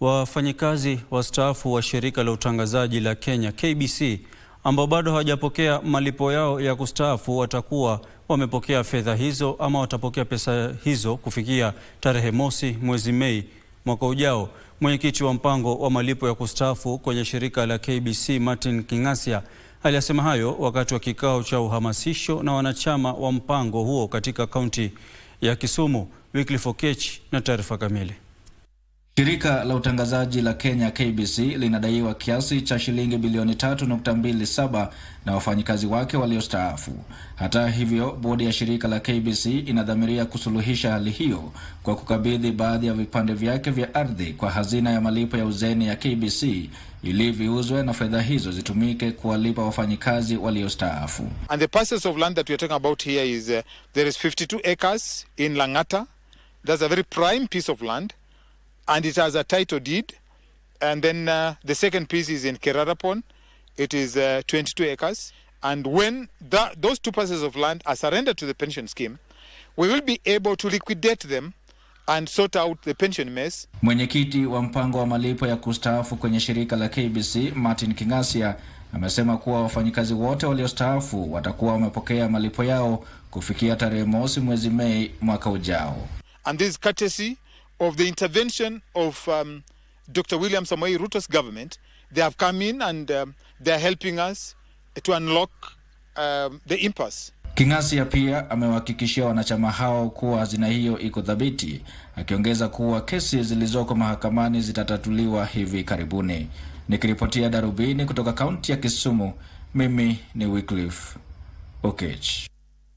Wafanyikazi wastaafu wa shirika la utangazaji la Kenya KBC ambao bado hawajapokea malipo yao ya kustaafu watakuwa wamepokea fedha hizo ama watapokea pesa hizo kufikia tarehe mosi mwezi Mei mwaka ujao. Mwenyekiti wa mpango wa malipo ya kustaafu kwenye shirika la KBC Martin King'asia aliyasema hayo wakati wa kikao cha uhamasisho na wanachama wa mpango huo katika kaunti ya Kisumu. Wycliffe Okech na taarifa kamili. Shirika la utangazaji la Kenya KBC linadaiwa kiasi cha shilingi bilioni 3.27 na wafanyikazi wake waliostaafu. Hata hivyo, bodi ya shirika la KBC inadhamiria kusuluhisha hali hiyo kwa kukabidhi baadhi ya vipande vyake vya ardhi kwa hazina ya malipo ya uzeni ya KBC ili viuzwe na fedha hizo zitumike kuwalipa wafanyikazi waliostaafu. And the parcels of land that we are talking about here is uh, there is 52 acres in Lang'ata. That's a very prime piece of land and it has a title deed. And then uh, the second piece is in Kerarapon. It is uh, 22 acres. And when that, those two parcels of land are surrendered to the pension scheme, we will be able to liquidate them and sort out the pension mess. Mwenyekiti wa mpango wa malipo ya kustaafu kwenye shirika la KBC Martin Kingasia amesema kuwa wafanyikazi wote waliostaafu watakuwa wamepokea malipo yao kufikia tarehe mosi mwezi Mei mwaka ujao. And this courtesy of the intervention of um, Dr. William Samoei Ruto's government, they have come in and um, they are helping us to unlock um, the impasse. King'asia pia amewahakikishia wanachama hao kuwa hazina hiyo iko thabiti, akiongeza kuwa kesi zilizoko mahakamani zitatatuliwa hivi karibuni. Nikiripotia Darubini kutoka kaunti ya Kisumu, mimi ni Wycliffe Okech.